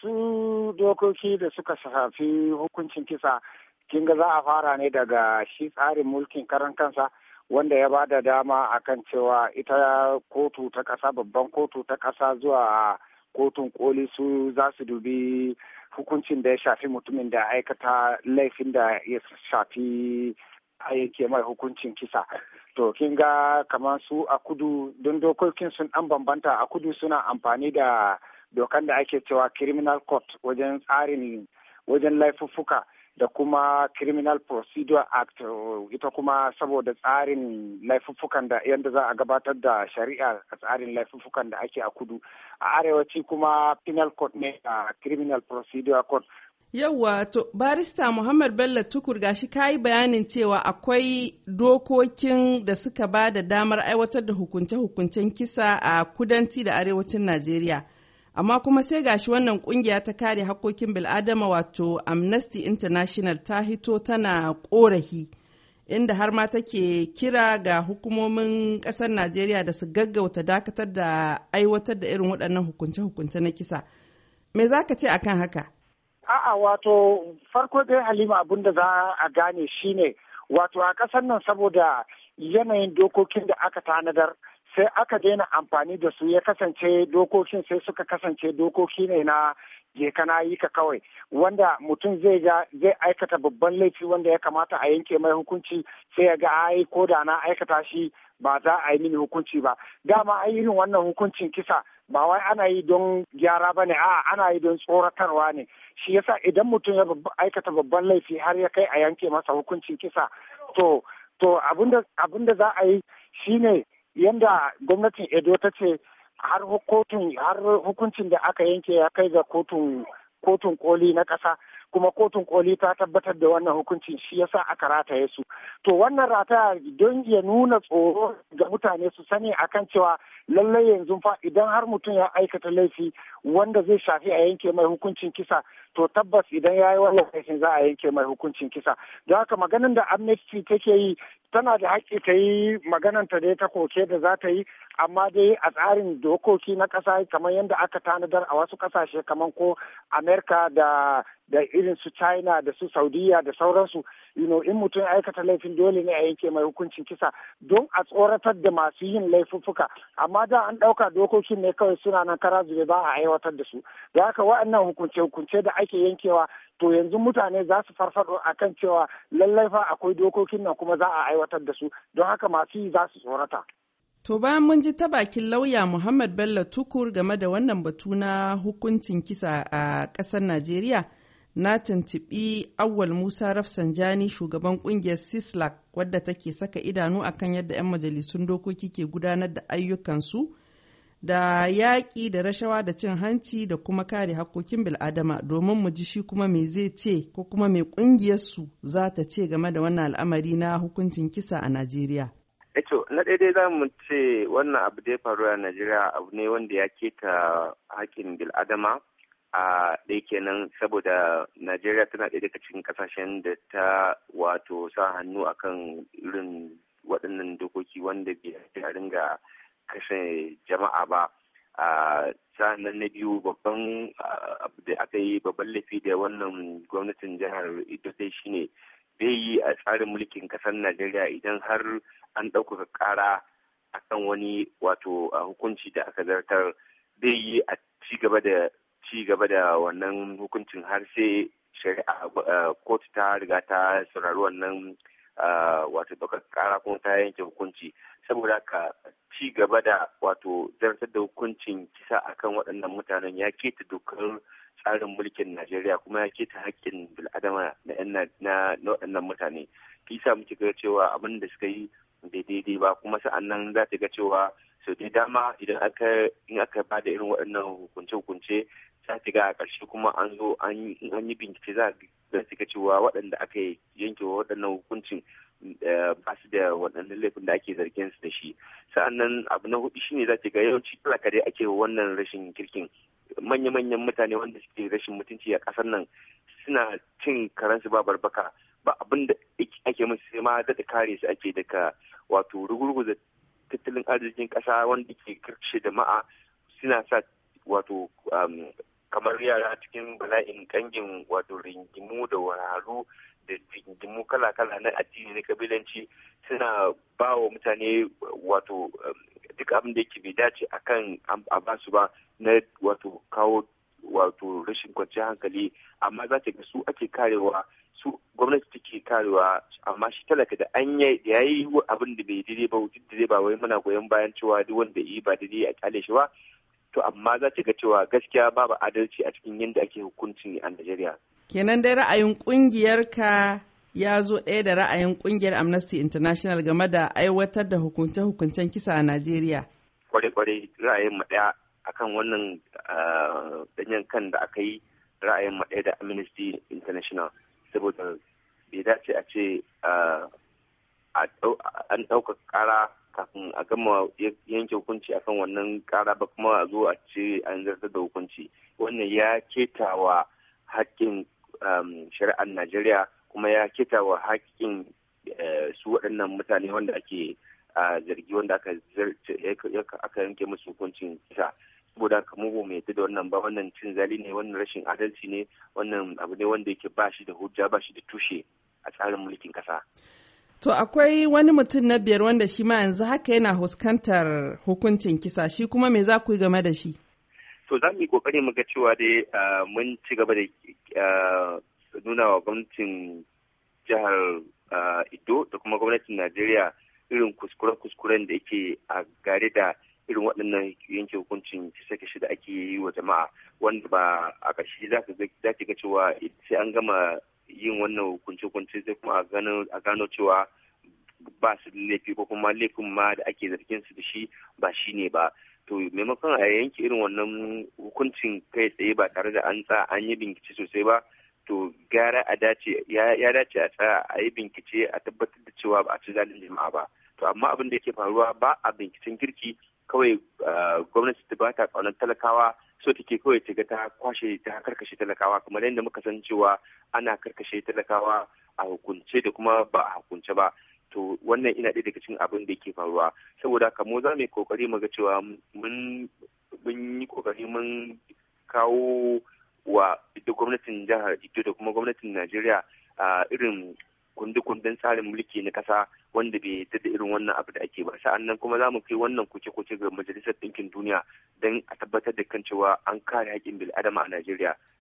su dokoki da suka shafi hukuncin kisa kin ga za a fara ne daga shi tsarin mulkin karan kansa wanda ya ba da dama a kan cewa ita kotu ta ƙasa babban kotu ta ƙasa zuwa kotun koli su za su dubi hukuncin da ya shafi mutumin da aikata laifin da ya shafi a mai hukuncin kisa to kin ga kamar su a kudu don dokokin sun dan bambanta a kudu suna amfani da dokan da ake cewa criminal court wajen tsarin wajen laifuffuka da kuma criminal procedure act ita kuma saboda tsarin laifuffukan da yadda za a gabatar da shari'a a tsarin laifuffukan da ake a kudu a arewaci kuma penal court ne a criminal procedure court Yawwa, to barista Muhammad Bello Tukur gashi yi bayanin cewa akwai dokokin da suka ba da damar aiwatar da hukunce-hukuncen kisa a kudanci da arewacin Najeriya. amma kuma sai gashi wannan kungiya ta kare hakkokin bil'adama wato amnesty international ta hito tana korafi inda har ma take kira ga hukumomin kasar najeriya da su gaggauta dakatar da aiwatar da irin waɗannan hukunce-hukunce na kisa me za ka ce akan haka a'a wato farko dai halima abun da za a gane shine wato a ƙasar nan saboda yanayin dokokin da aka tanadar sai aka daina amfani da su ya kasance dokokin sai suka kasance dokoki ne na je kana yi ka kawai wanda mutum zai ga zai aikata babban laifi wanda ya kamata a yanke mai hukunci sai ya ga ai ko da na aikata shi ba za a yi mini hukunci ba dama ai irin wannan hukuncin kisa ba wai ana yi don gyara ba ne a'a ana yi don tsoratarwa ne shi yasa idan mutum ya aikata babban laifi har ya kai a yanke masa hukuncin kisa to to abinda za a yi shine yanda gwamnatin edo ta ce har hukuncin da aka yanke ya kai ga kotun koli na ƙasa kuma kotun koli ta tabbatar da wannan hukuncin shi yasa aka rataye su to wannan rataya don ya nuna tsoro ga mutane su sani kan cewa lallai yanzu fa idan har mutum ya aikata laifi wanda zai shafi a yanke mai hukuncin kisa to tabbas idan ya yi wannan laifin za a yanke mai hukuncin kisa don haka maganin da amnesty take yi tana da haƙƙi ta yi magananta da ta koke da za ta yi amma dai a tsarin dokoki na ƙasa kamar yadda aka tanadar a wasu ƙasashe kamar ko amerika da da irin su china da su saudiya da sauransu you know, in mutum aikata laifin dole ne a yanke mai hukuncin kisa don a tsoratar da masu yin laifuffuka amma da an ɗauka dokokin ne kawai suna nan kara zube ba a aiwatar da su da haka waɗannan hukunce-hukunce da ake yankewa to yanzu mutane za su farfaɗo a kan cewa lallai fa akwai dokokin nan kuma za a aiwatar da su don haka masu yi za su tsorata. To bayan mun ji ta bakin lauya Muhammad Bello Tukur game da wannan batu na hukuncin kisa a ƙasar Najeriya, na tuntuɓi Awwal Musa Rafsanjani shugaban ƙungiyar Sislak wadda take saka idanu akan yadda 'yan majalisun dokoki ke gudanar da ayyukansu da yaƙi da rashawa da cin hanci da kuma kare hakkokin bil'adama domin mu ji shi kuma me zai ce ko kuma me ƙungiyarsu za ta ce game da wannan al'amari na hukuncin kisa a Najeriya. Eto, eh, na daidai za mu ce wannan abu da ya faru a Najeriya abu ne wanda ya keta hakkin bil'adama a ɗaya kenan saboda Najeriya tana ɗaya daga cikin ƙasashen da ta wato sa hannu akan irin waɗannan dokoki wanda bai a ringa kashe jama'a ba. a sa'annan na biyu babban abu da aka yi babban laifi da wannan gwamnatin jihar idote shine bai yi a tsarin mulkin kasar najeriya idan har an ɗaukaka ƙara a kan wani wato hukunci da aka zartar bai yi a ci gaba da ci da wannan hukuncin har sai shari'a kotu ta riga ta saurari wannan wato ɗauka ƙara kuma ta yanke hukunci saboda ka ci da wato zartar da hukuncin kisa akan waɗannan mutanen ya keta dokar tsarin mulkin Najeriya kuma ya keta hakkin bil'adama na waɗannan mutane kisa muke ga cewa abin da suka yi bai daidai ba kuma sa'an nan za ta ga cewa sau da dama idan aka ba da irin waɗannan hukunce-hukunce za ta ga a ƙarshe kuma an zo an yi bincike za ta ga cewa waɗanda aka yanke wa waɗannan hukuncin eh, ba su da waɗannan laifin da ake zargin su da shi sa'an nan abu na hudu shine za ta ga yawanci kala dai ake wannan rashin kirkin manya-manyan mutane wanda suke rashin mutunci a kasar nan suna cin karansu ba barbaka ba abinda da ake musu sai ma da kare su ake daga wato rugurguza tattalin arzikin kasa wanda ke karshe jama'a suna sa wato um, kamar yara cikin bala'in kangin wato ringimu da wararu da ringimu kala-kala na addini na kabilanci suna ba wa mutane wato um, duk abin da yake bai dace akan a ba su ba na wato kawo wato rashin kwanciyar hankali amma za ta ga su ake karewa su gwamnati take karewa amma shi talaka da an yayi abin da bai daidai ba duk da ba wai muna goyon bayan cewa duk wanda yi ba daidai a kyale shi ba to amma za ta ga cewa gaskiya babu adalci a cikin yadda ake hukuncin a Najeriya. Kenan dai ra'ayin ƙungiyarka. ya zo ɗaya da ra'ayin ƙungiyar Amnesty International game da aiwatar da hukunce-hukuncen kisa a Najeriya. kwarai kwarai ra'ayin mu ɗaya akan wannan ah, ɗanyen kan da aka yi ra'ayin mu ɗaya da Amnesty International saboda bai dace a ce ah, an ɗauka ƙara kafin a gama yanke hukunci akan wannan ƙara ba kuma a zo a ce an zartar da hukunci wannan ya ketawa haƙƙin ah, shari'ar Najeriya kuma ya kita wa haƙƙin eh, su waɗannan mutane wanda ake zargi wanda aka yanke musu hukuncin kisa saboda ka mugu mai yadda da wannan ba wannan cin zali ne wannan rashin adalci ne wannan abu ne wanda yake ba shi da hujja ba shi da tushe a tsarin mulkin kasa To akwai wani mutum na biyar wanda shi ma yanzu haka yana huskantar hukuncin kisa shi kuma me za ku yi game da shi? To za mu yi kokari mu ga cewa dai eh, mun ci gaba da eh, nuna wa gwamnatin jihar Ido da kuma gwamnatin Najeriya irin kuskure-kuskuren da yake a gare da irin waɗannan yanke hukuncin kisa kishi da ake yi wa jama'a wanda ba a ƙarshe za ki ga cewa sai an gama yin wannan hukunci hukunci sai kuma a gano cewa ba su laifi ko kuma laifin ma da ake zargin su da shi ba shi ne ba to maimakon a yanke irin wannan hukuncin kai tsaye ba tare da an tsa an yi bincike sosai ba to gara a dace ya dace a tsaya a yi bincike a tabbatar da cewa ba a ci zalin jama'a ba to amma abin da yake faruwa ba a binciken kirki kawai ah, gwamnati ta bata kaunar talakawa so take kawai ta ga ta kwashe ta karkashe talakawa kamar yadda muka san cewa ana karkashe talakawa a hukunce da kuma ba a hukunce ba to wannan ina ɗaya daga cikin abin da yake faruwa saboda haka mu za mu yi kokari mu ga cewa mun yi kokari mun kawo wa ita gwamnatin jihar Ito da kuma gwamnatin Najeriya a irin kundin tsarin mulki na kasa wanda bai yadda da irin wannan abu da ake ba sa'an nan kuma za mu kai wannan kuce-kuce ga majalisar ɗinkin duniya don a tabbatar da kan cewa an kare haƙƙin bil'adama a najeriya